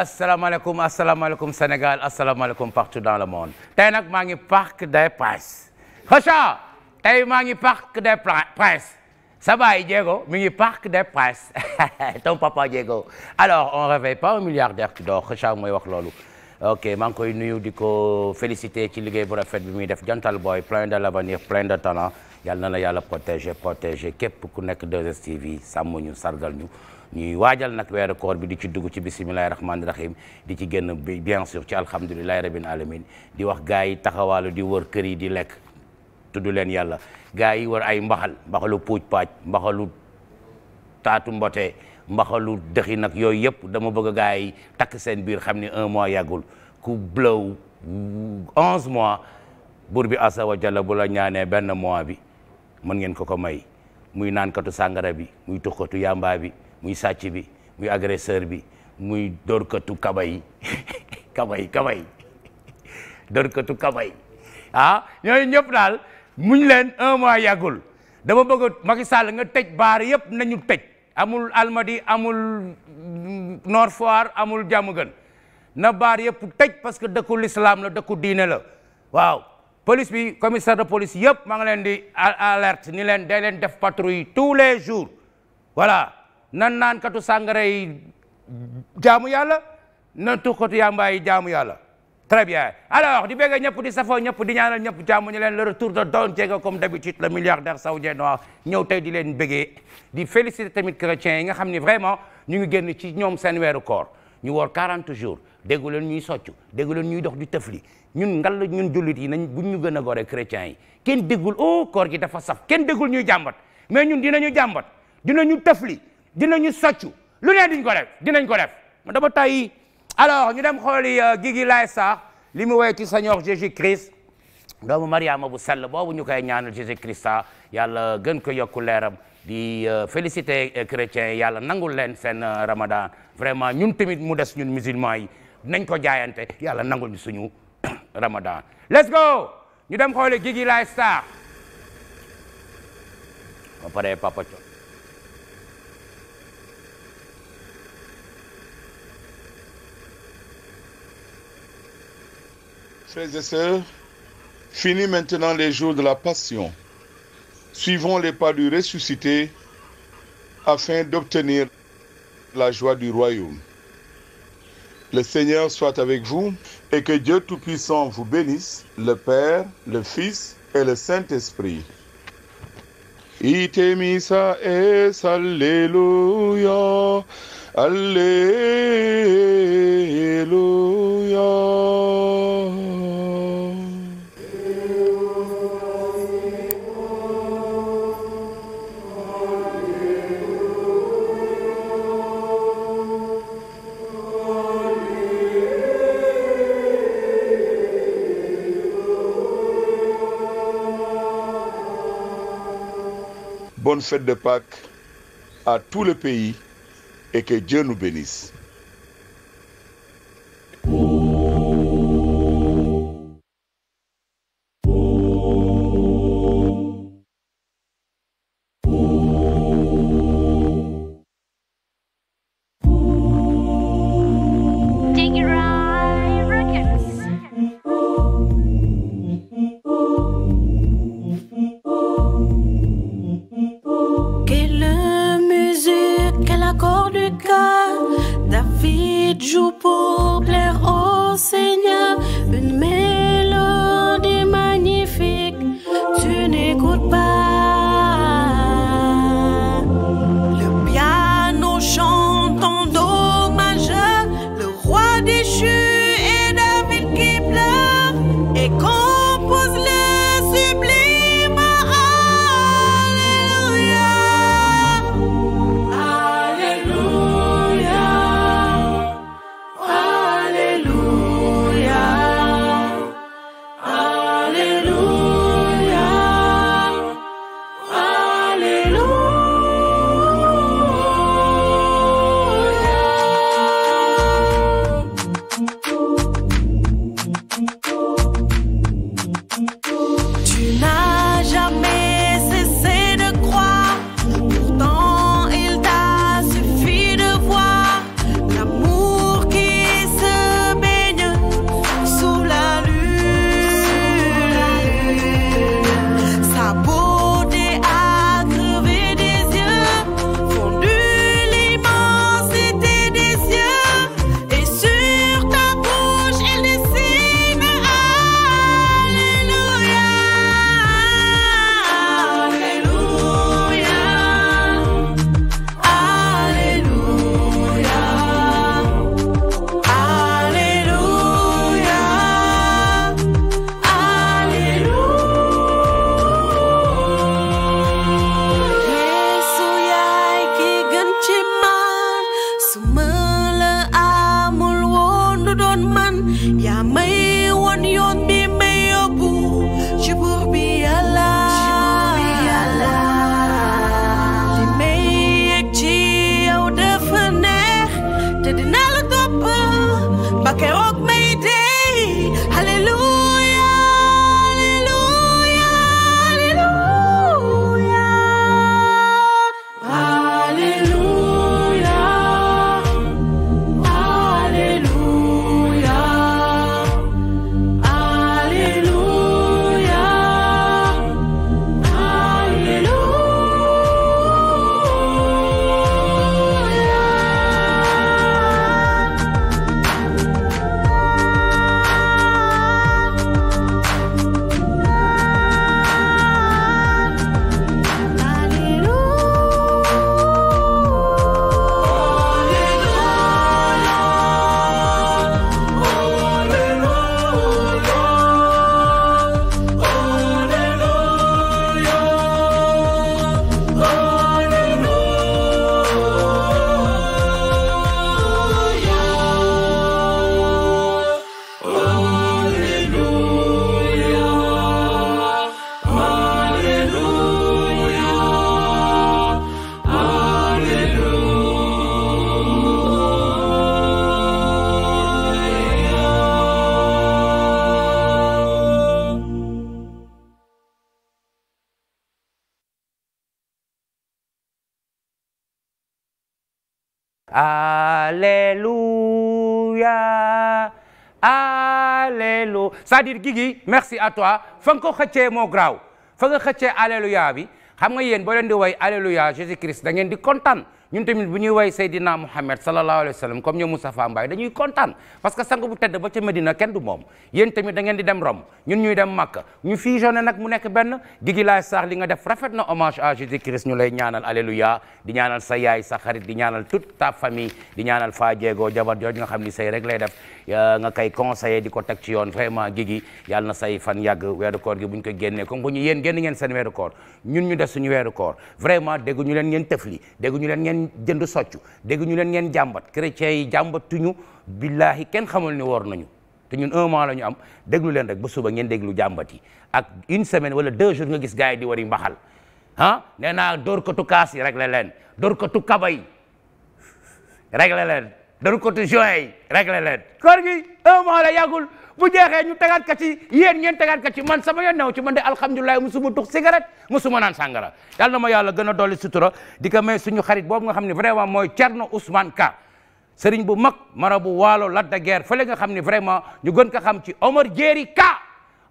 asalaamaaleykum asalaamaaleykum Sénégal asalaamaaleykum partout dans le monde tey nag maa ngi parc des princes xacha tey maa ngi parc des princes sa baay Diego mi ngi parc des princes ton papa Diego alors on réveille pas un milliardaire qui dort xacha mooy wax loolu ok maa ngi koy nuyu di ko féliciter ci liggéey bu rafet bi muy def jantal boy plein de l'avenir plein de talent yàlla na la yàlla protéger protéger képp ku nekk 2STV sàmm ñu sargal ñu ñuy waajal nag weeru bi di ci dugg ci bisimilahi rahmaani rahim di ci génn bi bien sûr ci alhamdulilahi rabbil alamin di wax gars yi taxawaalu di wër kër yi di lekk tudd leen yàlla gars yi wër ay mbaxal mbaxalu puuj paaj mbaxalu taatu mbotee mbaxalu dëxi nag yooyu yëpp dama bëgg gars yi takk seen biir xam ne un mois yàggul ku blow onze mois buur bi asa wa jalla bu la ñaanee benn mois bi mën ngeen ko ko may muy naankatu sàngara bi muy tuxkatu yàmbaa bi muy sàcc bi muy agresseur bi muy dóorkatu kaba yi kaba yi kaba ah ñooñu ñëpp daal muñ leen un mois yàggul dama bëgg a Macky nga tëj baar yëpp nañu tëj amul Almadi amul Nord Foire amul Diamaguène na baar yëpp tëj parce que dëkku l'islam la dëkku diine la waaw police bi commissaire de police yëpp maa ngi leen di alerte ni leen def patrouille tous les jours voilà na naankatu sàngara yi jaamu yàlla na tuxkatu yàmbaa yi jaamu yàlla très bien alors di bëgg ñëpp di safoo ñëpp di ñaanal ñëpp jaamu ñu leen le retour de Don Diego comme d'habitude le milliardaire saoudien noir ñëw tey di leen bëggee di féliciter tamit chrétiens yi nga xam ni vraiment ñu ngi génn ci ñoom seen weeru koor ñu woor 40 jours déggu leen ñuy soccu déggu leen ñuy dox di tëfli ñun ngal ñun jullit yi nañ buñ ñu gën a gore chrétiens yi kenn déggul oh koor gi dafa saf kenn déggul ñuy jàmbat mais ñun dinañu jàmbat dinañu tëfli dinañu soccu lu ne diñ ko def dinañ ko def ma dama tàyyi alo ñu dem xooli euh, Guigui Laye Sarr li mu woy ci Seigneur Jésus-Christ doomu Mariama bu sell boobu ñu koy ñaanal Jésus-Christ sa yàlla gën ko yokku leeram di euh, féliciter euh, chrétiens yi yàlla nangul leen seen ramadan vraiment ñun tamit mu des ñun musulmans yi nañ ko jaayante yàlla nangul ñu suñu ramadan let's go ñu dem xooli Guigui Laye Sarr ba frères et sœurs, finis maintenant les jours de la passion. Suivons les pas du ressuscité afin d'obtenir la joie du royaume. Le Seigneur soit avec vous et que Dieu Tout-Puissant vous bénisse, le Père, le Fils et le Saint-Esprit. Itemisa es Alléluia, bonne fête de Pâques à tout le pays et que Dieu nous bénisse. m'écoute pas. Alléluia. Alléluia. c'est-à-dire Guigui merci à toi fa nga ko xëccee moo graaw fa nga xëccee Alléluia bi xam nga yéen boo leen di woy Alléluia Christ da ngeen di kontaan. ñun tamit bu ñuy way Seydina Mouhamed sallallahu alayhi wa sallam comme ñoom Moustapha Mbaye dañuy kontaan parce que sang bu tedd ba ca Medina kenn du moom yéen tamit da ngeen di dem Rome ñun ñuy dem Makka ñu fusionné nag mu nekk benn Guigui Laye Sarr li nga def rafet na hommage à Jésus Christ ñu lay ñaanal alléluia di ñaanal sa yaay sa xarit di ñaanal toute ta famille di ñaanal Fa jego jabar jooju nga xam ni say rek lay def nga koy conseillé di ko teg ci yoon vraiment Guigui yàlla na say fan yàgg weeru koor gi bu ñu ko génnee comme bu ñu yéen génn ngeen sen weeru koor ñun ñu des suñu weeru koor vraiment dégg ñu leen ngeen tëfli dégg ñu leen ngeen jënd soccu dégg ñu leen ngeen jàmbat chrétiens yi jàmbatuñu billahi kenn xamul ni woor nañu te ñun un mois la ñu am déglu leen rek ba suba ngeen déglu jàmbat yi ak une semaine wala deux jours nga gis gars yi di wari mbaxal ah nee naa dóor katu kaas yi rek la leen dóor katu kaba yi dañu ko ti juin yi réglé leen koor gi un mois la yàggul bu jeexe ñu tegaat ka ci yéen ngeen tegaat ka ci man sama yoon new ci man de alhamdulilah musuma tux cigarette musuma naan sangara yàlla na ma yàlla gën a dolli sutura di ko may suñu xarit boobu nga xam ne vraiment mooy Thierno Ousmane Ka sëriñ bu mag mara bu waalo ladda guerre fële nga xam ne vraiment ñu gën ko xam ci Omar Jéeri Ka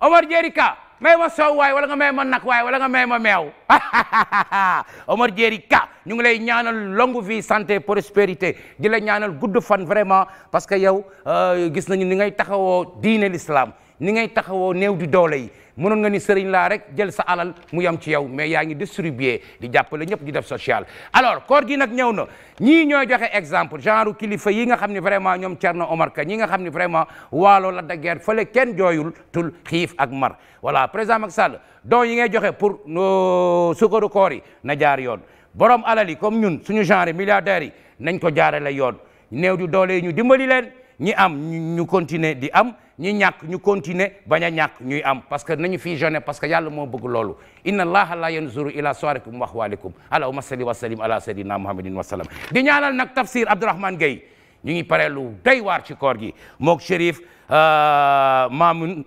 Omar Jéeri Ka may ma soow waay wala nga may ma nag waay wala nga may ma meew Omar Diéry Ka ñu ngi lay ñaanal longue vie santé prospérité di la ñaanal de fan vraiment parce que yow euh, gis nañu ni ngay taxawoo diine l'islam ni ngay taxawoo néew di doole yi mënoon nga ni sëriñ laa rek jël sa alal mu yam ci yow mais yaa ngi distribuer di jàppale ñëpp di def social alors koor gi nag ñëw no ñii ñooy joxe exemple genre kilifa yi nga xam ne vraiment ñoom Thierno Omar Ka ñi nga xam ne vraiment waalo la da guerre fële kenn jooyul tul xiif ak mar voilà président Macky Sall don yi ngay joxe pour euh, sukaru koor yi na jaar yoon borom alal yi comme ñun suñu genre milliardaires yi nañ ko jaare la yoon neew di doole ñu dimbali leen ñi am ñu continuer di am ñi ñàkk ñu continuer bañ a ñàkk ñuy am parce que nañu fi jone parce que yàlla moo bëgg loolu inna allaha la yanzuru ila suwarikum wa ahwalikum allahumma salli wa sallim ala sayyidina muhammadin wa sallam di ñaanal nag tafsir abdourahmane gueye ñu ngi pare lu day waar ci koor gi mook chérif euh, mamoun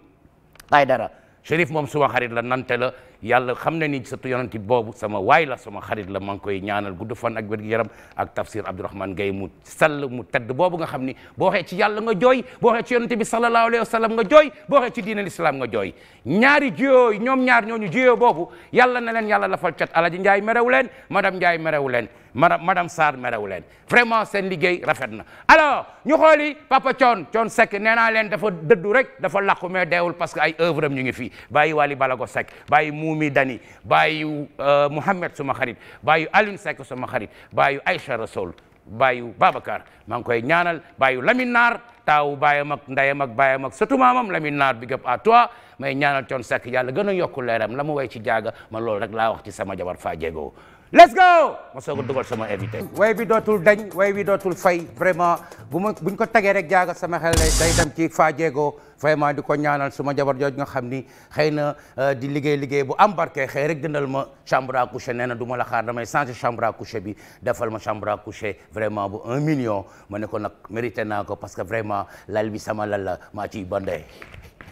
aydara chérif moom suma xarit la nante la yàlla xam na ni surtout yonanti boobu sama waay la sama xarit la ma ngi koy ñaanal gudd fan ak wér gu yaram ak tafsir Abdourahmane Gaye mu sell mu tedd boobu nga xam ni boo waxee ci yàlla nga jooy boo waxee ci yonante bi sallallahu alayhi wa sallam nga jooy boo waxee ci diinal islam nga jooy ñaari jiyoo ñoom ñaar ñooñu jiyoo boobu yàlla na leen yàlla lafal cat alaji Njaay merew leen madame Njaay merew leen maram saar Sarr merew leen vraiment seen liggéey rafet na alors ñu xooli papa Thione Thione sekk nee naa leen dafa dëddu rek dafa làqu mais deewul parce que ay œuvre am ñu ngi fii bàyyi Wally Balago sekk bàyyi Moumi Dani bàyyi euh, Mouhamed suma xarit bàyyi Alioune sekk suma xarit bàyyi Aïcha Rasoul bàyyu Babacar maa ngi koy ñaanal bàyyu Lamine Naar taawu bàyyam ak ndeyam ak bàyyam ak a maamam Lamine Naar bi gëpp à toi may ñaanal Thione Seck yàlla gën a yokku leeram la mu way ci jaaga man loolu rek laa wax ci sama jabar faa jéego let's go ma soog a dugal sama invité. way bi dootul dañ way bi dootul fay vraiment bu ma buñ ko tegee rek jaaga sama xel day dem ci Fa Diego vraiment di ko ñaanal suma jabar jooj nga xam ni xëy na euh, di liggéey liggéey bu embarqué xëy rek dëndal ma chambre à nee na duma la xaar damay changer chambre à bi defal ma chambre à coucher vraiment bu un million ma ne ko nag mérité naa ko parce que vraiment lal bi sama lal la maa ciy bandee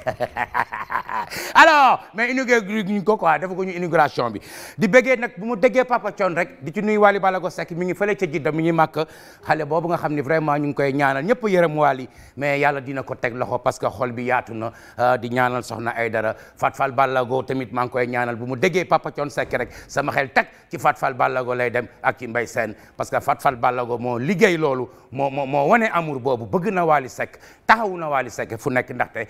alors mais inauguré ñu ko quoi dafa ko ñu inauguration bi di bëggee nag bu mu déggee Papa Thione rek di ci nuyu Wally Ballago Seck mi ngi fële ca Jidda mu ngi màkk xale boobu nga xam ni vraiment ñu ngi koy ñaanal ñëpp yërëm Wally mais yàlla dina ko teg loxo parce que xol bi yaatu na ah, di ñaanal soxna Aydara Fatfal Ballago tamit maa ngi koy ñaanal bu mu déggee Papa Thione Seck rek sama xel teg ci Fatfal Ballago lay dem ak ci Mbaye seen parce que Fatfal Ballago moo liggéey loolu moo moo moo wane amour boobu bëgg na Wally Seck na Wally Seck fu nekk ndaxte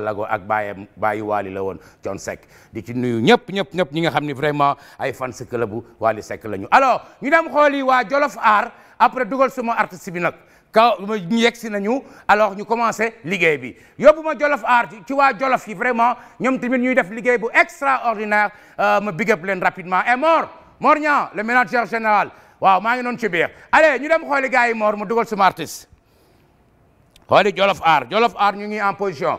ballago ak baayam baayu waali la woon Thione Seck di ci nuyu ñëpp ñëpp ñëpp ñi nga xam ni vraiment ay fans club bu Waali Seck la ñu alors ñu dem xooli waa Jolof Art après dugal suma artiste bi nag ka ñu yegg si nañu alors ñu commencé liggéey bi yóbbu ma Jolof Art ci waa Jolof yi vraiment ñoom tamit ñuy def liggéey bu extraordinaire euh, ma big up leen rapidement et eh, Mor Mor Niang le manager général waaw maa ngi noonu ci biir allez ñu dem xooli gars yi Mor mu dugal suma artiste xooli Jolof Art Jolof Art ñu ngi en position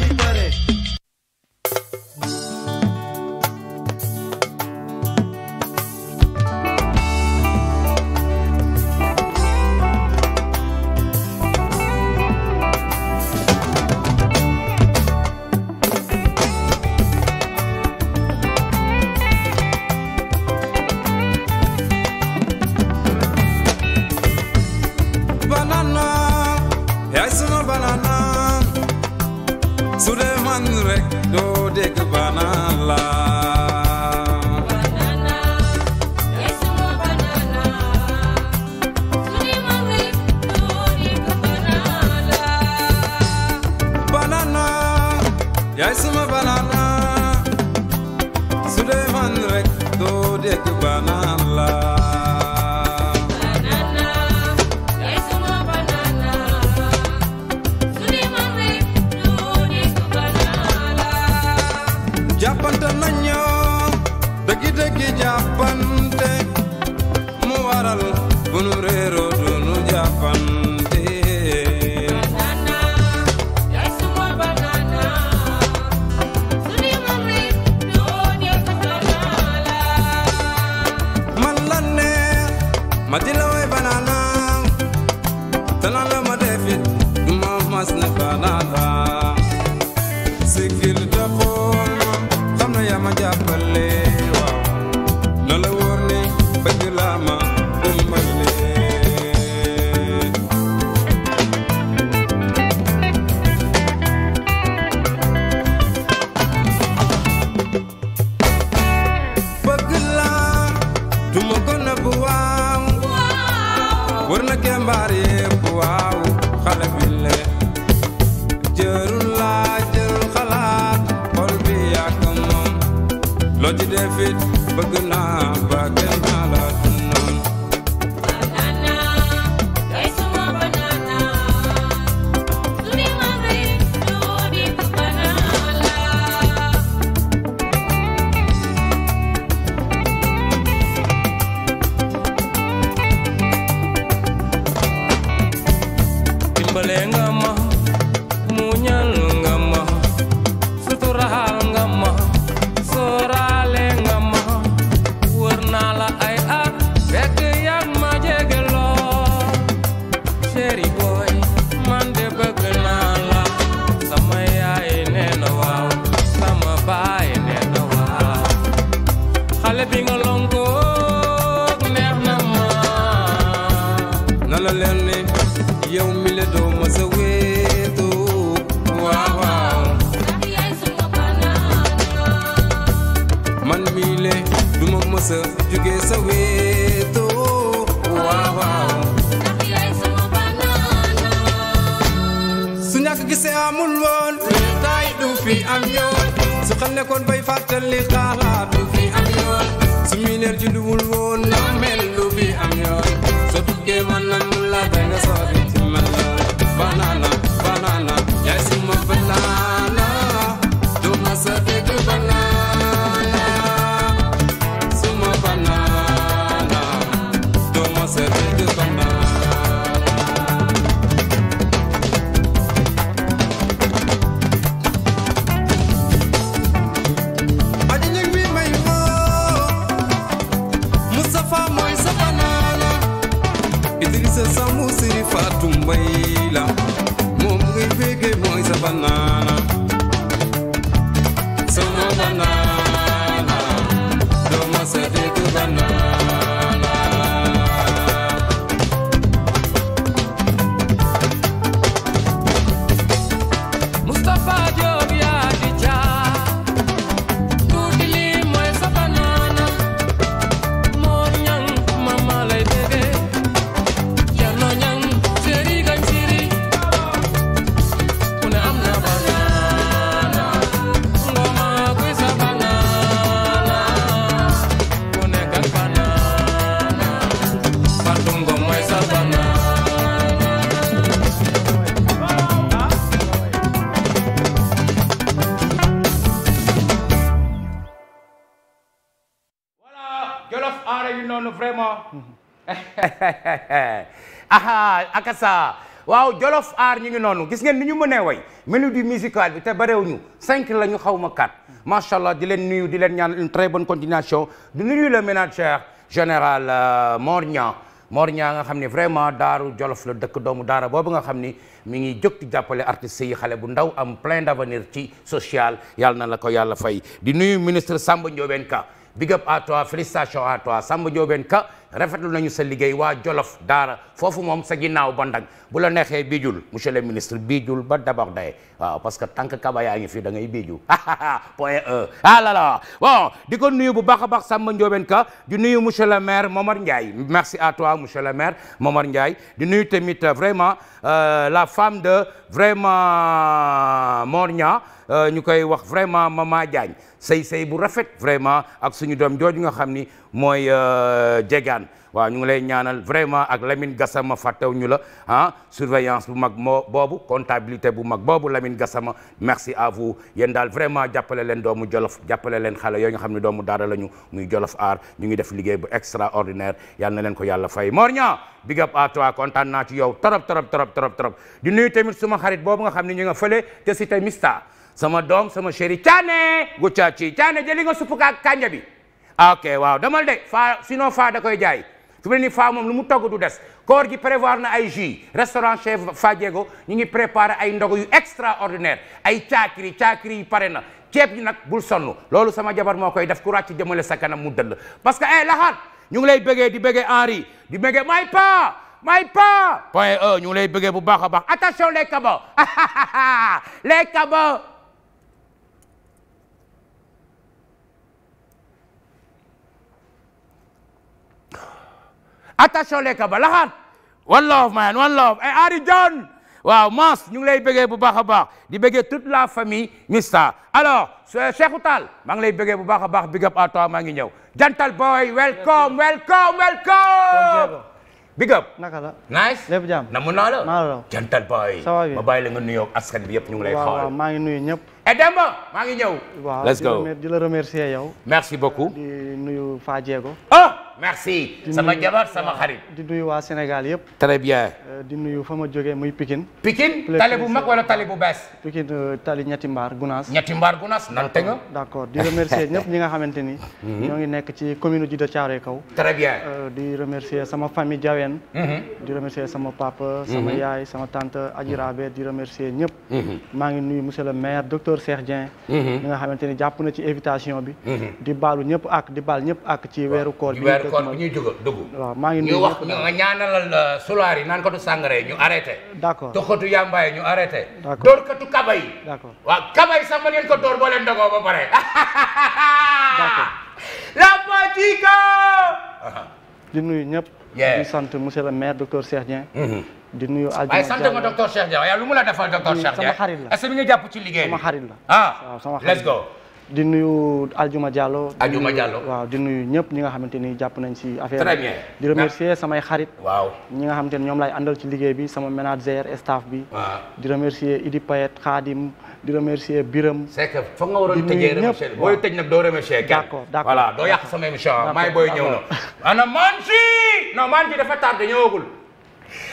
man rek doo ñàkk gisee amul woon tay du fi am yoon su xel nekkoon bay fàttali xalaat du fi am yoon su mineer ci luwul woon na mel lu fi am yoon soo tuggee man na mu la da nga sori ci mel banana banana noonu vraiment. aha akasa waaw Jolof aar ñu ngi noonu gis ngeen ni ñu mënee way mélodie musicale bi te barewuñu cinq la ñu xaw ma quatre macha allah di leen nuyu di leen ñaan une très bonne continuation di nuyu le manager général euh, Mor Niang Mor Niang nga xam ne vraiment daaru Jolof la dëkk doomu daara boobu nga xam ni mi ngi jóg di jàppale artistes yi xale bu ndaw am plein d' avenir ci social yàlla na la ko yàlla fay di nuyu ministre Samba Ndiobène Ka big up à toi félicitations à toi Samba Diobène Ka rafetlu nañu sa liggéey waa Jolof Daara foofu moom sa ginnaaw ba ndang bu la neexee biijul monsieur le ministre biijul ba dabax day waaw parce que tant que kaba yaa ngi fi da ngay biiju point e ah là bon di ko nuyu bu baax a baax Samba Diobène Ka di nuyu monsieur le maire Momar Ndiaye merci à toi monsieur le maire Momar Ndiaye di nuyu tamit euh, vraiment euh, la femme de vraiment Morña Euh, ñu koy wax vraiment Mama Diagne sëy sëy bu rafet vraiment ak suñu doom jooju nga xam ni mooy jegaan euh, waa ñu ngi lay ñaanal vraiment ak Lamine Gassama fàttew ñu la ah surveillance bu mag moo boobu comptabilité bu mag boobu Lamine Gassama merci à vous yen daal vraiment jàppale leen doomu jolof jàppale leen xale yooyu nga xam ne doomu daara lañu muy jolof aar ñu ngi def liggéey bu extraordinaire yal na leen ko yàlla fay Mor Niang big up à kontaan naa ci yow trop trop trop trop sama doom sama chéri caane gu caaci caane jëli nga suppu kaa kanja bi ok waaw damal de fa sinon faa da koy jaay su mu ni faa moom lu mu togg du des koor gi prévoir na ay jus restaurant chef Fa Diego ñu ngi préparer ay ndogu yu extraordinaire ay caakiri caakiri yi pare na ceeb yi nag bul sonn loolu sama jabar moo koy def ku ràcc jëmale sa kanam mu dëll parce que eh laxaat ñu ngi lay bëggee di bëggee Henri di bëggee may pa may pa point e ñu ngi lay bëggee bu baax a baax attention lekka ba laxaat one love man waaw Mans ñu ngi bëggee bu baax a baax di bëggee toute la famille Mista alors Cheikh Tall maa ngi lay bëggee bu baax a baax big up toi maa ngi ñëw jantal boy welcome welcome welcome la nice lépp jàmm na mu naa la maa la jantal boy ma nuyoo askan yëpp ñu ngi lay xool waaw maa ngi nuyu ñëpp et eh, maa ngi ñëw di la remercier yow merci beaucoup di nuyu Fa Diego ah merci sama jabar sama xarit. di nuyu waa Sénégal yëpp. très bien. Euh, di nuyu fa ma jógee muy Pikine. Pikine tali bu mag wala tali bu bees. Pikine euh, tali ñetti mbaar Gunaas. ñetti mbaar Gunaas nan te nga. d' accord di remercier ñëpp ñi nga xamante ni. Mhm. ñoo ngi nekk ci commune Djiddah Thiaroye Kaw. très bien. Euh, di remercier sama famille Diawén. Mhm. di remercier sama papa. sama mhm. yaay sama tante Adji Rabe di remercier ñëpp. maa ngi nuyu monsieur le maire docteur Cheikh Dieng. mi nga xamante ni jàpp na ci invitation bi. di baalu kon bu ñuy jóg dugg maa ngi ñu wax ñu nga ñaanalal euh, sulaar yi naan ko du sàngara yi ñu arrêté d'accord toxatu yamba yi ñu arrêté door katu kaba yi d'accord waaw kaba ko door boo leen ba pare d'accord la patika di nuyu ñëpp di sant monsieur le maire mm-hmm. docteur Cheikh Dieng di nuyu Adjuma waaye sant lu mu la defal docteur Cheikh sama xarit la jàpp ci liggéey sama xarit la di nuyu Aljuma Diallo. Aljuma Diallo waaw di nuyu ñëpp ñi nga xamante ni jàpp nañ si affaire très bien di remercier samay xarit. waaw ñi nga xamante ni ñoom lay àndal ci liggéey bi sama manager staff bi. di remercier Idi Payet Khadim di remercier Biram. c'est que foog nga waroon nag doo remercier kenn. d'accord d'accord voilà doo yàq sama émission maay booy ñëw na. ana Mansi non Mansi dafa tardé ñëwagul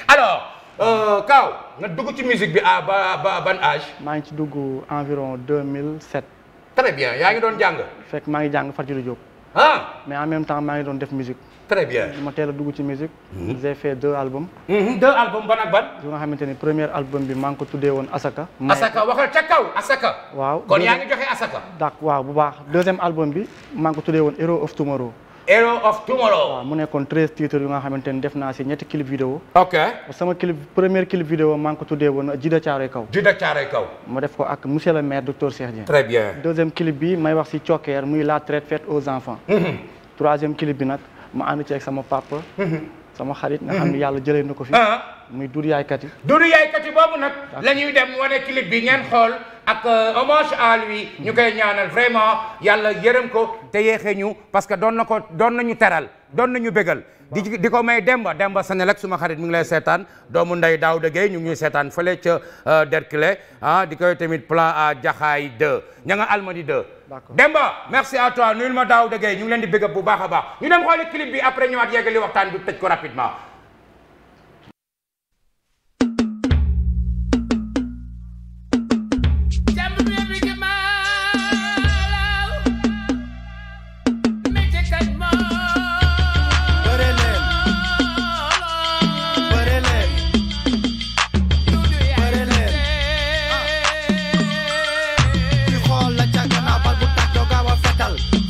alors. Euh, Kaaw nga dugg ci musique bi a ba ban âge. maa ngi ci dugg environ 2007. très bien yaa ngi doon jàng. fekk maa ngi jàng far Fatou Diop. ah. mais en même temps maa ngi doon def musique. très bien ma teel a dugg ci musique. Mhm. j'ai fait deux albums. Mhm, deux albums ban ak ban. yu nga xamante ni premier album bi maa ngi ko tuddee woon Asaka. Asaka waxal ca kaw Asaka. waaw kon yaa ngi joxe Asaka. d'accord waaw bu baax deuxième album bi maa ngi ko tuddee woon Hero of Tomorrow. Hero waaw mu nekkoon treize titres yu nga xamante ni def naa si ñetti clip vidéo ok sama clip première clip vidéo maa ngi ko tuddee woon Jida Caaroy Kaw. Jida Kaw. ma def ko ak monsieur le maire docteur Cheikh Dieng. très bien deuxième clip bi may wax si cokkeer muy la traite faite aux enfants. Mhm. troisième clip bi nag ma ànd ci sama papa. Mhm. sama xarit nga xam ne mhm. yàlla jëlee na ko fi ah. muy Doudou Yaye Katy Doudou Yaye Katy boobu nag la ñuy dem wane clip bi ngeen xool ak euh, hommage à lui mhm. ñu koy ñaanal vraiment yàlla yërëm ko te yéexee ñu parce que doon na ko doon nañu teral doon nañu bégal di di ko may Demba Demba Sanelak suma xarit mu ngi lay seetaan doomu ndey daaw Gueye ñu ngi ñuy seetaan fële ca euh, Derklé ah di koy tamit plan à Jaxaay 2 ña nga Almadi 2 Demba merci à toi nuyul ma daaw dëggee ñu ngi leen di bëgg bu baax a baax ñu dem xooli clip bi après ñëwaat yeggali waxtaan bi tëj ko rapidement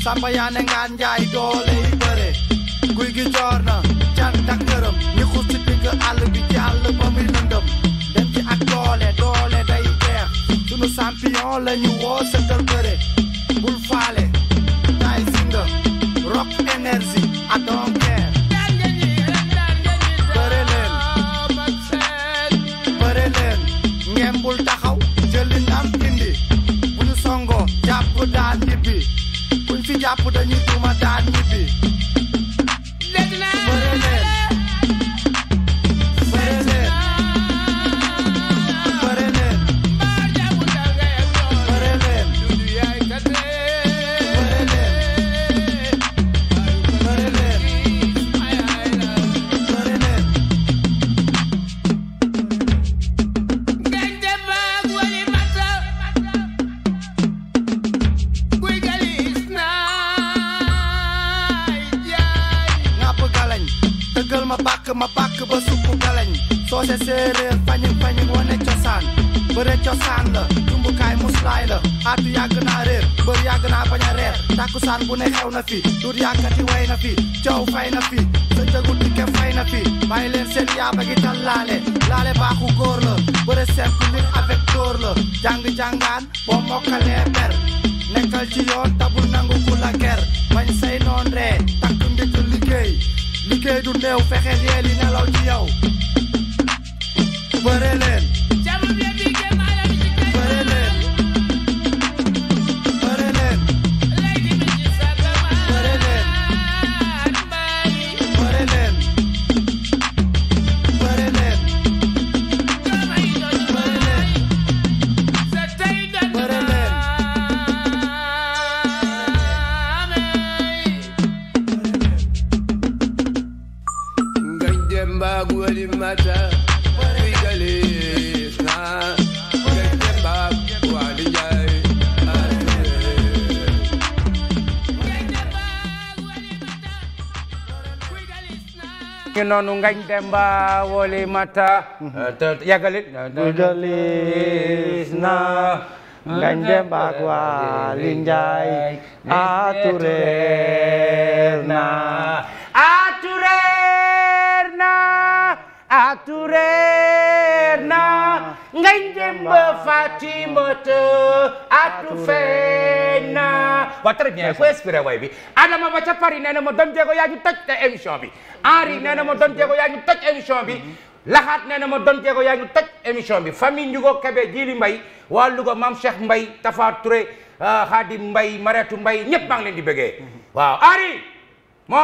sàmba yaa ne ngaan njaay doole yi bëre guy gi na cant ak ngërëm ñi xus ci digg àll bi jàll ba muy lëndëm ak doole doole day jeex sunu champion lañu du néew fexe yee li nelaw ci yow bëre leen noonu ngañ demba woli mata mhm. te yàggalit galis na ngañ demba ak wali atureer na atureer na atureer na ngay demba fatimata atu feeñ na waaw très bien ko inspiré e way bi adama ba ca Paris ma doon jéego yaa ñu toj te émission bi Henri nee na ma doon jéego yaa ñu toj émission bi mm-hmm. laxaat nee na ma doon jéego yaa ñu toj émission bi famille Ndiougo Kébé Jili Mbay waa Louga Mbay Tafa Touré Xaadim euh, Mbay Maretu Mbay ñëpp maa ngi leen di bëggee mm-hmm. waaw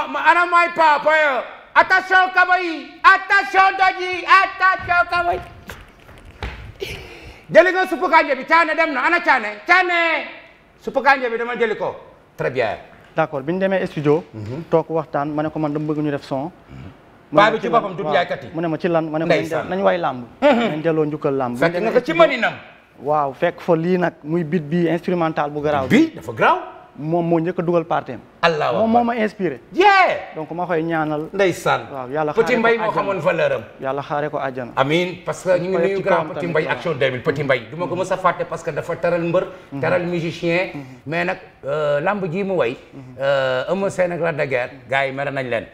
ma ana maay pa attention kaba yi attention doj yi attention kaba yi jëli nga suppu kànja bi caane dem na ana caane caane suppu kànja bi dama jëli ko très bien. bi ñu demee studio. Mhm. toog waxtaan ma ne ko man dama bëgg ñu def son. Mhm. paa bi ci boppam yi mu ne ma ci lan ma ne ko nañ way làmb mhm. nañ delloo njukkal làmb fekk nga ko ci mëninam waaw fekk fo lii nag muy bit bi instrumental bu garaaw bi dafa garaaw moom moo njëkk a dugal parteem allah moom moo ma inspiré yee donc ma koy ñaanal ndeysaan waaw yàlla petit mbay moo xamoon valeur am yàlla xaare ko àjjana amiin parce que ñu ngi nuyu grand petit mbay action 2000 petit mbay du ma ko mës a fàtte parce que dafa taral mbër mhm. taral musicien mhm. mais nag euh, lamb ji mu way mhm. euh, Eumeu Sène ak Lac de Guiers gars yi mere nañ leen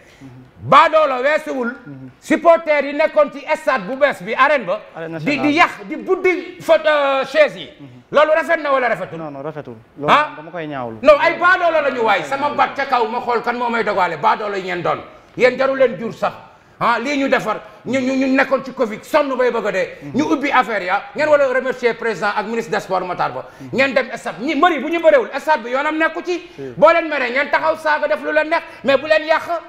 baadoolo weesuwul supporters yi nekkoon ci stade bu bees bi arène ba di di di buddi fa euh, chaise loolu rafet na wala rafetul. non non rafetul. loolu ah? dama koy ñaawlu. non ay baadoola la ñu waay sama bat ca kaw ma xool kan moo may dogaale baadoola yi ngeen doon yéen jaru leen jur sax ah lii ñu defar ñu ñu ñu nekkoon ci Covid sonn bay bëgg a dee. Mm-hmm. ñu ubbi affaire ya ngeen war a remercier président ak ministre des sports Matar Ba. Mm-hmm. ngeen dem stade ñi mbëri bu ñu bëreewul stade bi yoonam nekku ci. Mm-hmm. boo leen meree ngeen taxaw saaga def lu leen neex mais bu leen yàq.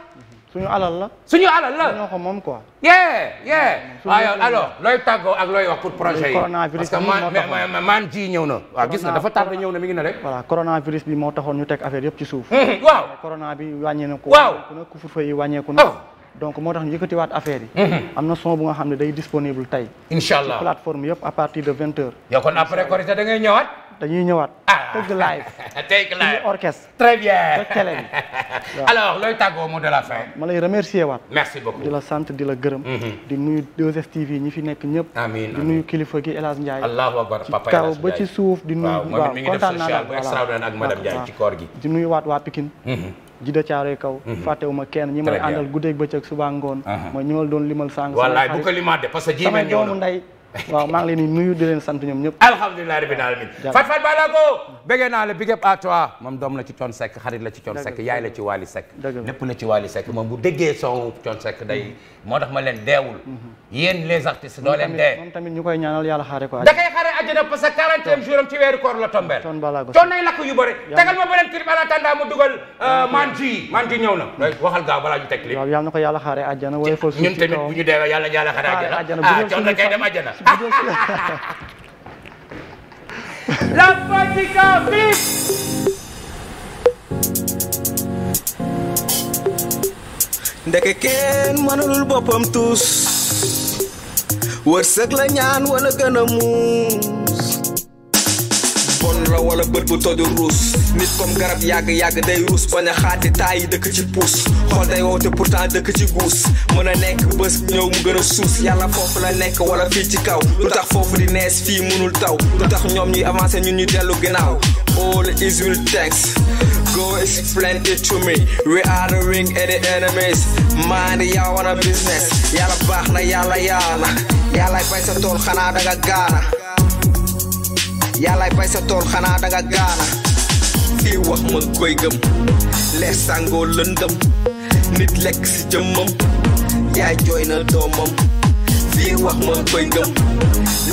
suñu alal la. suñu alal la ñoo ko moom quoi. yee yee. waaw alors looy tàggoo ak looy wax pour projet yi. coronavirus bi moo taxoon parce que man man ji ñëw na. waaw gis nga dafa tardé ñëw na mi ngi ne rek. voilà coronavirus bi moo taxoon ñu teg affaire yëpp ci suuf. waaw corona bi wàññee na ko. waaw couvre wàññeeku na. Oh. donc moo tax ñu waat affaire yi. am na son nga xam ne day disponible tey. incha allah ci plateforme yëpp à partir de vingt heures. après Korité da ngay ñëwaat. dañuy ñëwaat. Ah. tëgg live tëgg live orchestre. bien télé bi. alors looy tàggoo mot de ma lay remercier waat. merci beaucoup di la sant di la gërëm. Mm-hmm. di nuyu 2STV ñi fi nekk ñëpp. amiin di nuyu kilifa gi El Hadj Ndiaye. allahu akbar papa kaw ba ci suuf di nuyu. waaw kontaan naa la voilà ak madame Ndiaye ci koor gi. di nuyu waat waa Pikine. ji da caaree kaw mm-hmm. fàttewuma kenn ñi may àndal guddeeg bëccëg suba ngoon uh-huh. mooy ñi ma doon limal sàng wallaay bu ko limaat de parce que ji ma ñëw ndey waaw maa ngi leen di nuyu di leen sant ñoom ñëpp alhamdulilah rabbil alamin fat fat bala ko bëggee naa la big up à toi doom la ci Thione Seck xarit la ci Thione Seck yaay la ci Wally Seck lépp la ci Wally Seck moom bu déggee son Thione day moo ma leen deewul mhm. yéen les artistes doo leen dee moom tamit ñu koy ñaanal yàlla xaare ko da koy xaare àjjana parce que quarantième jour am ci weeru koor la tombeel Thione nay lakk yu bëri tegal ma beneen clip mu dugal euh, manti manti ñëw na waxal gaaw balaa ñu teg clip waaw La Fatica vive ndeke kenn mënalul boppam tuus wërsëg la ñaan wala gën bon la wala bët bu toddu ruus nit comme garab yàgg-yàgg day ruus bañ a xaati taay yi dëkk ci puus xool day woote pourtant dëkk ci guus mën a nekk bés ñëw mu gën a suus yàlla foofu la nekk wala fii ci kaw lu tax foofu di nees fii mënul taw lu tax ñoom ñuy avancé ñun ñu dellu ginnaaw all is will thanks go explain it to me we are the wing and the enemies mind yaa business yàlla baax na yàlla yaana yàlla bay sa tool xanaa danga gaana yàllaay bay sa tool xanaa danga gaana kii wax ma koy gëm leer sàngoo lëndëm nit lekk si jëmmam yaay jooy na doomam fii wax ma koy gëm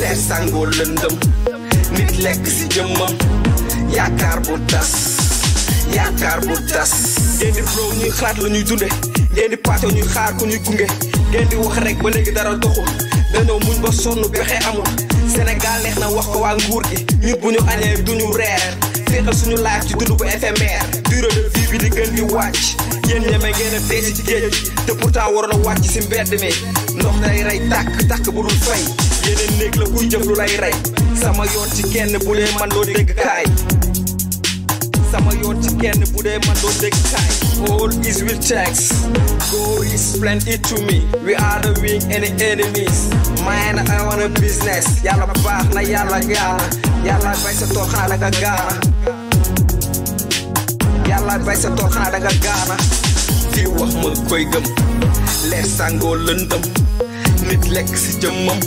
leer sàngoo lëndëm nit lekk si jëmmam yaakaar bu tas yaakaar bu tas ngeen di flow ñuy xalaat la ñuy dunde ngeen di paato ñuy xaar ku ñuy gunge ngeen di wax rek ba léegi dara doxul dañoo muñ ba sonn pexe amul Sénégal neex na wax ko waa nguur gi ñun bu ñu añee du ñu reer féexal suñu laaj ci dund bu éphémère durée de vie bi di gën di wàcc yéen ñeme ngeen a dee ci géej gi te waroon a wàcc si mbedd mi ndox day rey tàkk tàkk bu dul fay yeneen néeg la kuy jëf lu lay rey sama yoon ci kenn bu dee man doo dégg kaay sama yoon ci kenn bu dee man doo dégg kaay all is with checks make any enemies man I want a yàlla baax na yàlla gaana yàlla bay sa tool xanaa danga gaana yàlla bay sa tool xanaa danga gaana di wax ma koy gëm leer sàngoo lëndëm nit lekk si jëmmam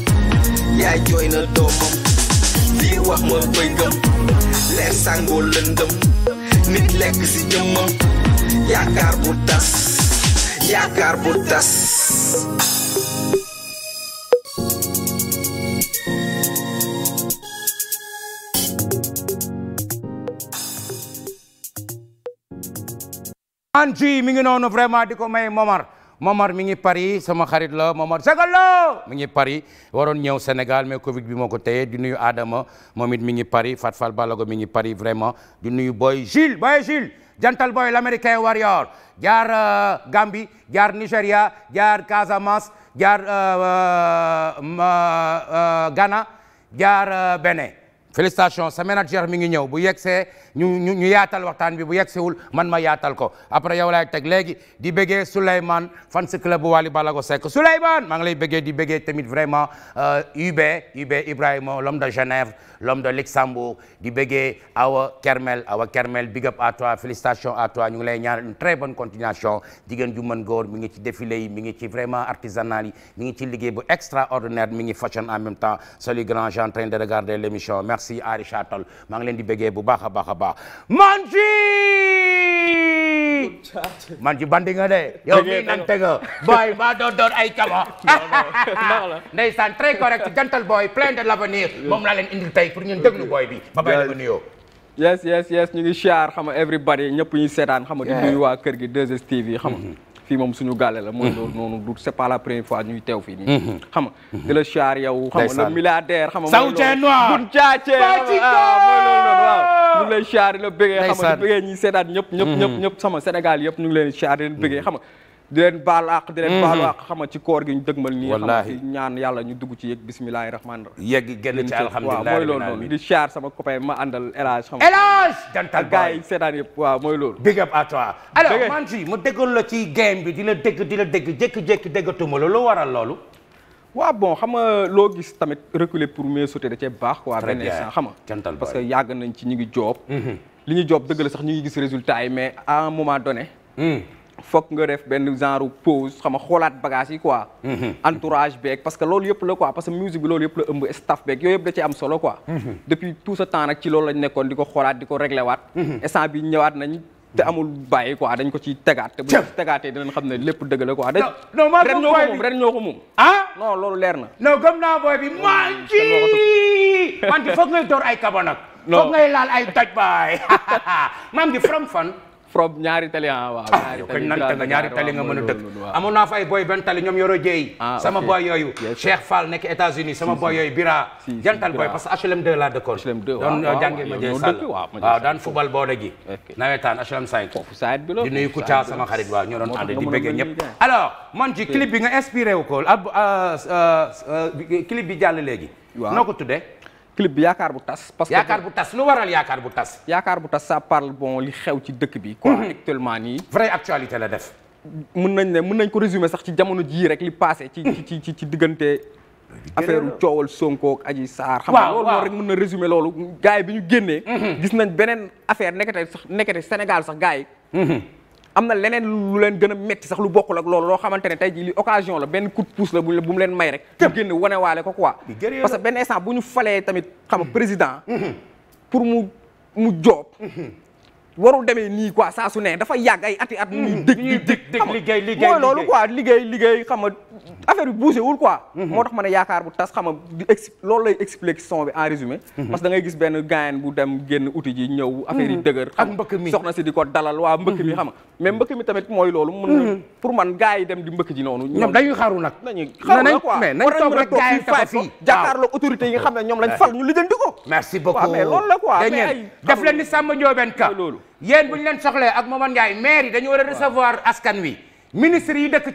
yaay jooy na doomam di wax ma koy gëm leer sàngoo lëndëm nit lekk si jëmmam yaakaar bu tas yaakaar bu tas Anji mi ngi noonu vraiment di ko may Momar Momar mi ngi Paris sama xarit la Momar Sagalo mi ngi Paris waroon ñëw Sénégal mais Covid bi moo ko téye di nuyu Adama moom it mi ngi Paris Fat Fall Balago mi ngi vraiment di nuyu Boy Gilles Boy Gilles jantal boy l'américain warrior jaar euh, Gambie jaar Nigéria jaar Casamance jaar euh, euh, Ghana jaar Bénin félicitations sa manager mi ngi ñëw bu yegsee ñu ñu ñu yaatal waxtaan bi bu wul man ma yaatal ko après yow laay teg léegi di bëggee Souleymane fan si club bu Wally Ballago Seck Souleymane maa ngi lay bëggee di bëggee tamit vraiment euh, UB UB Ibrahima l'homme de Genève l'homme de Luxembourg di bëggee Awa Kermel Awa Kermel big up à toi félicitations à toi ñu ngi lay ñaan une très continuation jigéen ju mën mi ngi ci défilé yi mi ngi ci vraiment artisanal yi mi ngi ci liggéey bu extraordinaire mi ngi fashion en même temps salut merci Aïcha Tall leen di béggee bu baax a baax a baax man ci man ci bandi nga de yow mii nante nga boy maa doon doon ay caba ndeysaan très correct gentle boy plein de l'avenir moom laa leen indil tey pour ñun déglu boy bi ba bàyyi la nuyoo yes yes yes ñu ngi siyaar xam nga everybody ñëpp ñu seetaan xam di nuyu waa kër gi 2STV fii moom suñu gàlle la mooy loolu noonu du c'est pas la première fois ñuy teew fii nii xam nga di la char yow xam nga le milliardaire xam nga Saoudien noir mooy loolu noonu waaw ñu ngi lay char la bëggee xam nga bëggee ñi seetaan ñëpp ñëpp ñëpp ñëpp senegal Sénégal yëpp ñu ngi leen char leen bëggee xam di leen baal àq di leen baalu mhm. àq xam nga ci koor gi ñu dëgmal nii xam nga ñaan yàlla ñu dugg ci yegg bismillahi rahmaani rahim yegg genn ci alhamdulilah waaw mooy loolu noonu di siyaar sama copain ma àndal El Hadj xam nga El Hadj jantal gars yi seetaan yëpp waaw mooy loolu big up à toi alors man si ma déggoon la ci game bi di la dégg di la dégg jékki-jékki déggatuma la lu waral loolu waaw bon xam nga loo gis tamit reculer pour mieux sauter da cee baax quoi benn instant xam nga parce que yàgg nañ ci ñu ngi joob mhm. li ñu joob dëgg la sax ñu ngi gis résultat yi mais à un moment donné hmm. fokk nga def benn genre pause xam nga xoolaat bagage yi quoi. Mhm. entourage beeg parce que loolu yëpp la quoi parce que musique bi loolu yëpp la ëmb staff beeg yooyu yëpp da ci am solo quoi. Mhm. depuis tout ce temps ci loolu nekkoon di ko xoolaat di ko réglé waat. Mhm. instant bi ñëwaat nañ. te amul bàyyi quoi dañ ko ci tegaat te bu ci xam na lépp dëgg la quoi. non non ren ñoo ko moom ren ah? ñoo na. non gëm naa booy bi man ci man di foog ngay door ay kaba nag. non foog ngay laal ay daj baay man di from fan. from ñaari tali ah waaw. ñaari ah, tali nga ñaari mën a dëkk. amoon naa boy benn tali ñoom yoro jeey ah, sama boy yooyu. Cheikh Fall nekk États-Unis sama boy yooyu Bira. jantal boy parce que HLM 2 laa dëkkoon. HLM 2 euh, ma jëy Sall waaw daan football boole ji. nawetaan HLM 5. foofu saayit bi la di sama xarit waaw ñoo doon di bëggee ñëpp. alors man ci clip bi nga inspiré wu ko ab euh, euh, clip bi jàll léegi. waaw noo ko tuddee. clip bi yaakaar bu tas. parce que yaakaar bu tas lu waral yaakaar bu tas. yaakaar bu tas ça parle bon li xew ci dëkk bi. quoi mhm. actuellement nii. vraie actualité la def. mën nañ ne mën nañ ko résumer sax ci jamono jii rek li passé ci ci ci ci diggante. affaire coowal Sonko ak Adji Sarr. xam nga loolu rek mën na résumer loolu. gars yi bi ñu génnee. Mhm. gis nañ beneen affaire nekkate sax nekkate Sénégal sax gars am na leneen lu leen gën a metti sax lu bokkul ak loolu loo xamante ne tey jii li occasion la benn coup de pouce la bu mu leen may rek bu génn wanewaale ko quoi parce que benn instant bu ñu falee tamit xam hmm. président hmm. pour mu mu joob hmm. warul demee nii quoi saa su ne dafa yàgg ay ati at. ñuy dégg ñuy dégg liggéey liggéey mooy loolu quoi liggéey liggéey xam nga affaire bi wul quoi. Hmm. moo tax ma ne yaakaar bu tas xam nga di ex loolu lay bi en résumé. Hmm. parce que da ngay gis benn gaayen bu dem génn uti ji ñëw. Hmm. affaire yi dëgër ak mbëkk mi soxna si di ko dalal waa mbëkk mi xam nga mais mbëkk mi tamit mooy loolu. mën na pour man gars yi dem di mbëkk ji noonu. ñoom dañuy xaru nag. dañuy xaru nag quoi mais nañ toog rek yi taxaw autorité yi nga ne ñoom lañ eh. fal ñu lijjanti ko. merci beaucoup waaw mais loolu la quoi. def leen loolu yéen bu ñu leen soxlee ak Momar Ndiaye maire dañu war a recevoir askan wi ministre yi dëkk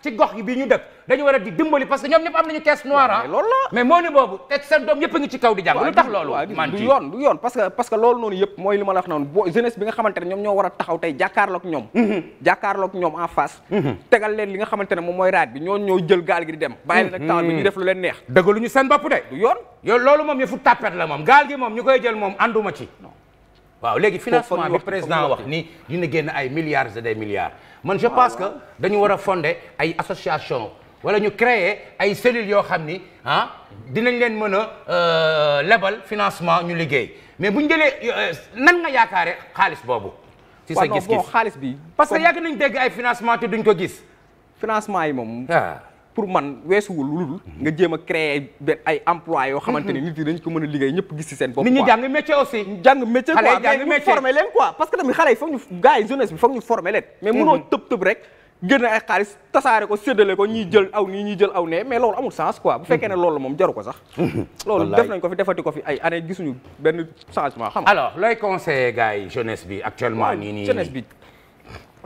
ci gox bi ñu dëkk dañu war a di dimbali parce que ñoom ñëpp am nañu caisse noire loolu ni boobu te seen doom yëpp a ngi ci kaw di jàng lu tax loolu man du a mhm. mhm. leen li nga xamante ne moom mooy raaj bi ñoon ñoo jël gaal gi di dem bàyyi leen ak mhm. la moom gaal gi moom ñu koy jël moom ànduma ci waaw léegi financement bi président wax ni dina génn ay milliards et des milliards. man je pense que dañu war a fonder ay association wala ñu créer ay cellules yoo xam ni ah dinañ leen mën a euh, lebal financement ñu liggéey mais bu ñu euh, nan nga yaakaare xaalis boobu. ci sa gis-gis xaalis bi. parce que yàgg nañ dégg ay financement te duñ ko gis. financement yi moom. Ah. pour man weesuwul ludul nga jéem a créer ay emploi yoo xamante ni mhm. nit yi dañ ko mën a liggéey ñëpp gis ci seen bopp nit ñi jàng métier aussi jàng métier quoi mais ñu former leen parce que tamit xale ñu mhm. tasaare ko séddale ko ñuy jël aw nii ñuy jël aw nee mais loolu amul sens quoi bu fekkee ne mhm. loolu moom jaru ko sax loolu def nañ ko fi defati ko fi ay année gisuñu benn changement xam alors looy conseiller gars yi jeunesse bi nii nii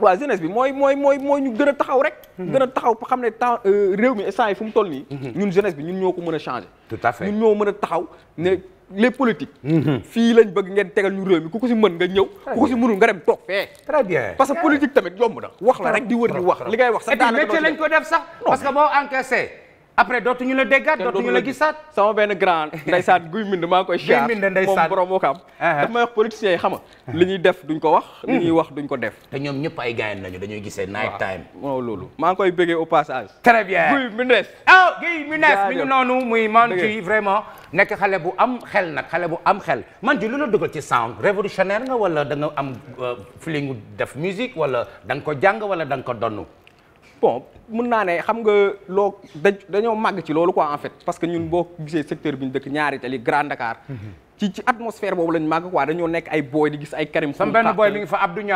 waaw jeunesse bi mooy mooy mooy mooy ñu gën rek. gën a taxaw ba xam ne temps euh, réew mi instant yi fu mu toll nii. Mhm. ñun jeunesse bi ñun ñoo ko mën a changer. tout à fait a taxaw ne mhm. les politiques. Mhm. fii lañ bëgg ngeen tegal ñu réew mi ku ko si mën nga ñëw. ku ko si mënul nga dem toog fee. très bien parce que politique tamit yomb na. wax la rek di wër di wax li ngay wax sax daanaka doon métier lañ ko def sax. parce que boo après dootuñu la déggaat dootuñu la gisaat sama benn grand ndeysaan guy mbind maa ngi koy xaar moom borom moo ko am daf may wax politiciens yi xam nga ah. li ñuy def duñ ko wax li ñuy hmm. wax duñ ko def te ñoom ñëpp ay gaayen lañu dañuy gisee night time waaw loolu maa ngi koy bëggee au passage très bien guy mbindes ah oh, guy mbindes mi ngi noonu muy Manji vraiment nekk xale bu am xel nag xale bu am xel Manji lu la dugal ci sound révolutionnaire nga wala da nga am euh, feeling def musique wala danga nga ko jàng wala da nga ko donnu bon mun naa ne xam nga loo da ñoo màgg ci loolu ko en fait parce que ñun boo gisee secteur bi ñu dëkk ñaari tali Grand Dakar. Mhm. ci ci atmosphère boobu lañ màgg quoi dañoo nekk ay booy di gis ay Karim. sama benn booy mi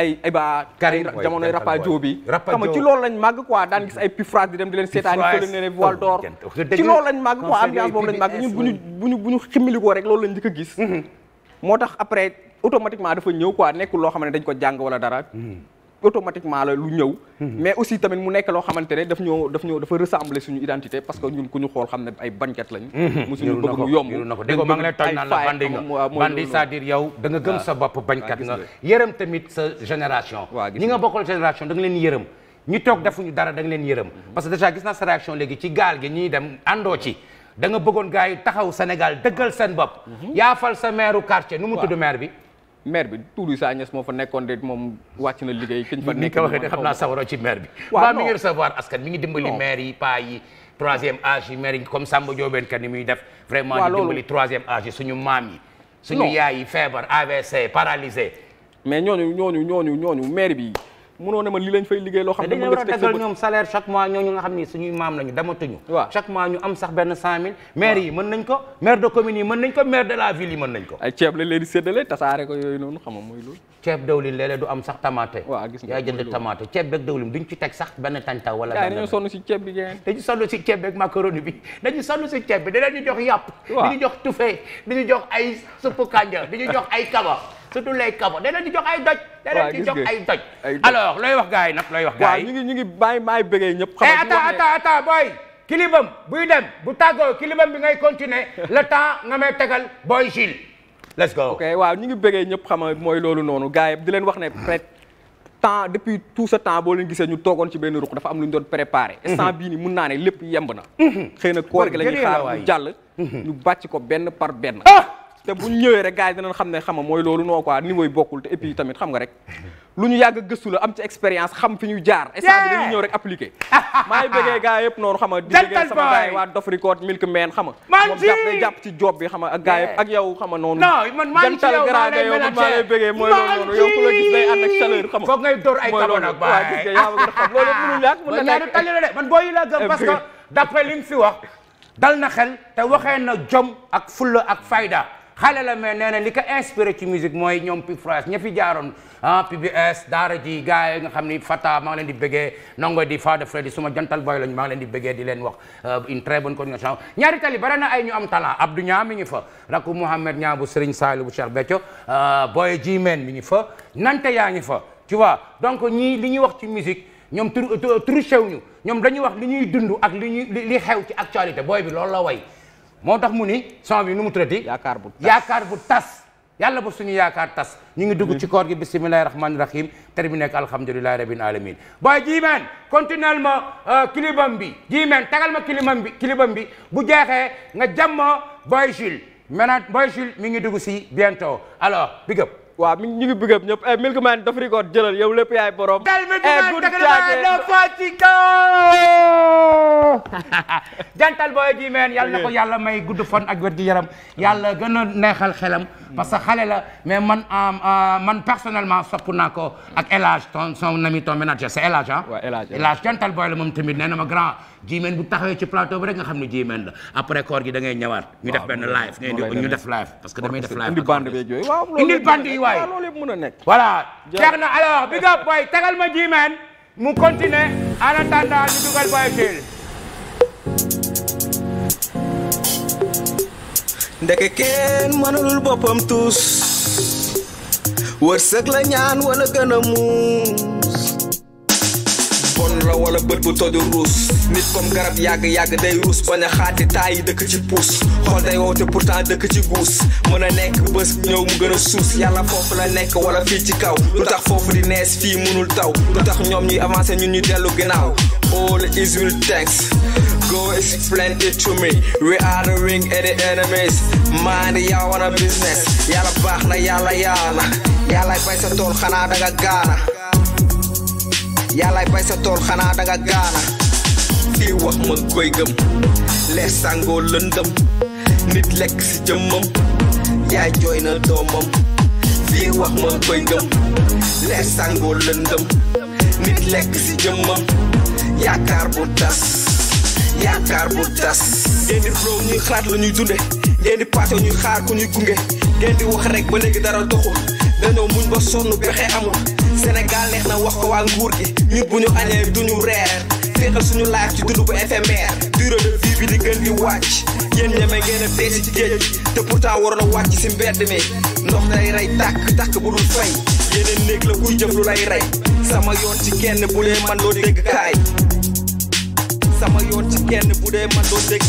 ay ba. Karim jamonoy Rapadio bi. Rapadio ci loolu lañ màgg quoi daan gis ay pifras di dem di leen seetaani. pifras di voile d'or ci loolu lañ màgg quoi ambiance boobu lañ màgg ñun bu ñu bu ñu bu ñu ximilikoo rek loolu lañ njëkk a gis. Mhm. moo tax après automatiquement dafa ñëw ko nekkul loo xam ne dañ ko jàng wala dara mhm. automatiquement la lu ñëw mhm. mais aussi tamit mu nekk loo xamante ne daf ñoo daf ñoo dafa ressembler suñu identité parce que ñun ku ñu xool xam ne ay bañkat lañu mhm. mosuñu bëgg lu yomb na ko dégg nga maa ngi lay tooñ naan la bandi ah. ah, tamit sa génération ñi nga bokkal génération da leen yërëm ñi toog defuñu dara da nga yërëm mhm. parce que déjà gis naa léegi ci gaal gi ñuy dem àndoo ci da nga bëggoon gars yi taxaw Sénégal dëggal seen bopp yaafal sa maire quartier nu mu tudd maire bi maire bi Touré Sa Niass moo fa nekkoon de moom wàcc na liggéey. kiñ fa nekk ko waxee de xam naa sawaroo ci maire bi. waaw mi ngi recevoir askan mi ngi dimbali maire yi paa yi. troisième âge yi maire yi comme Samba Diobène Ka ni muy def. vraiment di dimbali troisième âge yi suñu maam yi. suñu yaay yi feebar AVC paralysé. mais ñooñu ñooñu ñooñu ñooñu maire bi. munoo ne ma li lañ fay liggéey loo xam ne dañu war a daggal ñoom salaire chaque mois ñooñu nga xam ni suñuy maam lañu damatuñu waaw chaque mois ñu am sax benn cent mille maire yi mën nañ ko maire de commune yi mën nañ ko maire de la ville yi mën nañ ko ay ceeb la leen di séddale tasaare ko yooyu noonu ceeb dawlin léeg-léeg du am sax tamaate waaw gis nga yaay jënd tamaate ceeb beeg dawlin duñ ci teg sax benn tanta wala dañu sonn si ceeb bi dañu sonn si ceeb beeg macaroni bi dañu sonn si ceeb bi dañu jox yàpp dañu ay suppu kànja surtout les kabo da leen jox ay doj. da leen di looy wax gars yi nag looy wax. gars yi ñu ngi ñu ngi bàyyi maay bëggee ñëpp. xam nga eh, attends attends attends booy. kilibam buy dem bu tàggoo kilibam bi ngay continuer la temps nga may tegal booy Gilles. ok waaw ñu ngi bëggee ñëpp xam nga mooy loolu noonu gars yi di leen wax ne peut temps depuis tout ce temps boo leen gisee ñu toogoon ci benn ruq dafa am lu ñu doon préparé mhm. instant bii nii mun naa ne lépp yemb na mhm. xëy na koor gi la xaar bu jàll mhm. ñu bàcc ko benn par benn ah! te bu ñëwee rek gars yi dinañ xam ne xam nga mooy loolu noo quoi niveau yi bokkul te et tamit xam nga rek lu ñu yàgg gëstu am ci expérience xam fi ñu jaar instant bi dañuy ñëw rek appliqué maa ngi bëggee noonu xam nga di bëggee ci job bi xam ak gars yëpp noonu jantal grade yow maa lay foog ngay door ay kabon baay waaw gis nga xam loolu mënul yàgg mën na ñaari tali la de man boo yi la gëm parce que d'après li mu fi wax dal na xel te waxee na jom ak fulla ak fayda xale la mais nee li ko inspiré ci mooy ñoom Pip Froiss ña fi jaaroon ah PBS daara ji gars nga xam ni Fata maa ngi leen di bëggee nongo di Fada Freddy suma jantal boy lañu maa ngi leen di bëggee di leen wax euh, une très bonne coordination ñaari tali bare na ay ñu am talent Abdou Niang mi ngi fa rakku Mouhamed Niang bu Serigne Saliou bu Cheikh Béthio euh, Boy Jimen mi ngi fa nante yaa ngi fa tu vois donc ñii li ñuy wax ci musique ñoom tru tru xew ñu ñoom dañuy wax li ñuy dund ak li ñuy li xew ci actualité booy bi loolu la way moo tax mu ni son bi nu mu tuddati yaakaar bu tas yaakaar bu tas yàlla bu suñu yaakaar tas ñu ngi dugg ci mm-hmm. koor gi bisimilahi rahmaani rahim terminé ak alhamdulilahi rabbil alamin booy jiimeen continuel ma kilibam euh, bi jiimeen tagal ma kilibam bi kilibam bi bu jeexee nga jàmmo boy Jules maintenant boy Jules mi ngi dugg si bientôt alors big waaw mi ñu ngi bëgg ab ñëpp eh, milkman daf record jëlal yow lépp yaay borom. Eh, jantal booy ji meen yàlla ko eh. yàlla may gudd fan ak wér gi yaram yàlla gën a neexal xelam. parce que xale la mais man euh, euh, man personnellement sopp naa ko ak El ton son ami ton ménager c'est El Hadj ah. waaw El Hadj jantal booy la moom tamit nee na ma jiimeen bu taxawee ci plateau bi rek nga xam ne jiimeen la après koor gi da ngay ñëwaat ñu def benn live ngay indi ñu def live parce que damay def live indi bande bi jooy waaw indi bande yi waay loolu yëpp mën a nekk voilà jeex na alors bi nga booy tagal ma jiimeen mu continuer en attendant ñu dugal booy fil ndeke kenn mënul boppam tuus wërsëg la ñaan wala gën a muus man la wala bët bu toddu ruus nit comme garab yàgg-yàgg day ruus ba xaati taay yi dëkk ci puus xool day wow te pourtant dëkk ci guus mën a nekk bés ñëw mu gën a suus yàlla foofu la nekk wala fii ci kaw lu tax foofu di nees fii munul taw lu tax ñoom ñuy avancé ñun ñu dellu ginnaaw all Israel thanks go explain it to me we are the wing and the enemies mind yaa wana business yàlla baax na yàlla yaana yàlla bay sa tool xanaa danga yàllaay bay sa tool xanaa danga gaana lii wax ma koy gëm leer sàngoo lëndëm nit lekk si jëmmam yaay jooy na doomam lii wax ma koy gëm leer sàngoo lëndëm nit lekk si jëmmam yaakaar bu tas yaakaar bu tas ngeen di ñuy xalaat la dunde ngeen paato ñuy xaar ku ñuy gunge ngeen wax rek ba léegi dara doxul dañoo muñ ba sonn pexe amul Sénégal neex na wax ko waa nguur gi ñun bu ñu añee du ñu reer féexal suñu laaj ci dund bu éphémère durée de vie bi di gën di wàcc yéen ñeme ngeen a dee ci géej te pourtant waroon a wàcc ci mbedd mi ndox day rey tàkk tàkk bu dul fay yeneen néeg la kuy jëf lu lay rey sama yoon ci kenn bu lee man loo dégg kaay sama yoon ci kenn bu dee man doo dégg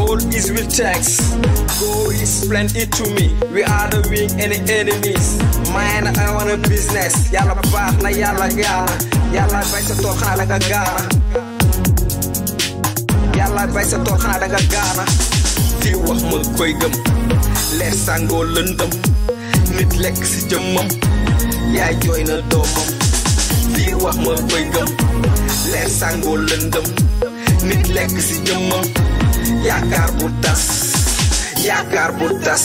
all is with tax God explain it to me we are the weak and enemies man I want a business yàlla baax na yàlla gaana yàlla bay sa tool xanaa danga gaana yàlla wax ma koy gëm leer sàngoo lëndëm nit lekk si jëmmam yaay jooy doomam lii wax ma koy gëm leer sàngoo lëndëm nit lekk si jëmmam yaakaar bu tas yaakaar bu tas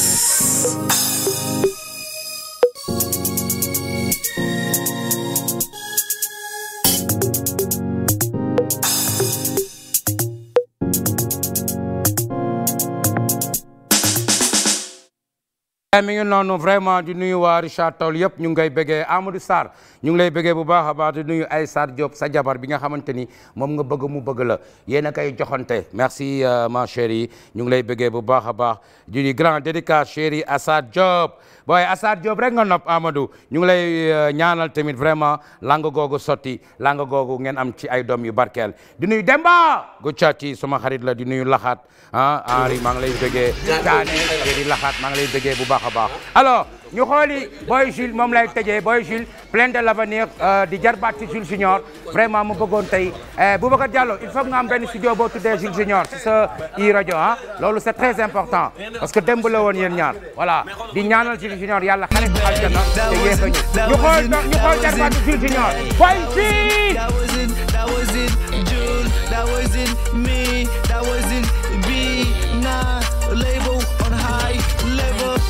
mi ngi noonu vraiment di nuyu waa Richard Toll yëpp ñu ngay bëggee Amadou Sarr ñu ngi lay bëggee bu baax a baax di nuyu ay Sarr Diop sa jabar bi nga xamante ni moom nga bëgg mu bëgg la yéen a koy joxante merci euh, ma chérie ñu ngi lay bëggee bu baax a baax di nuyu grand dédicace chérie Assad Diop booy Assad Diop rek nga nopp Amadou ñu ngi lay euh, ñaanal tamit vraiment lang googu sotti lang googu ngeen am ci ay doom yu barkeel du nuyu Demba gu ci suma xarit la di nuyu Laxaat ah Henri maa ngi lay bëggee Laxaat maa ngi lay bëggee bu baax a baax ñu xooli Boy Jules moom lay tëjee Boy Jules plein de l'avenir euh, di jarbaat Jules Junior vraiment mu bëggoon tey euh, Boubacar Diallo il faut nga am studio boo Jules Junior ci sa i rajo ah loolu c'est très important parce que démb la woon yéen ñaar voilà di ñaanal Jules Junior yàlla xale bu aljana te yéex a ñëw ñu xool ñu xool jarbaatu Jules Junior Boy Jules.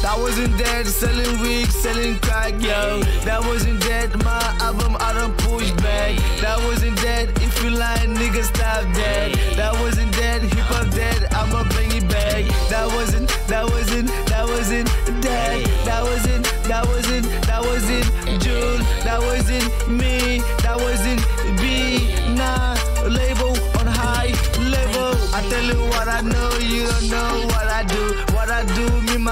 I wasn't dead, selling weed, selling crack, yo. That wasn't dead, my album I done That wasn't dead, if you lying, nigga, stop that. That wasn't dead, hip hop dead, I'ma bring it back. That that wasn't, dead. That wasn't, June. That wasn't me, that wasn't B. Nah, label on high level. I tell you what I know.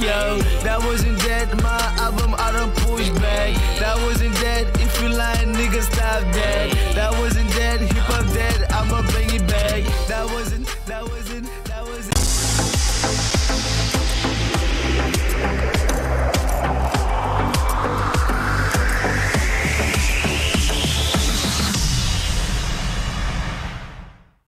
yo. That wasn't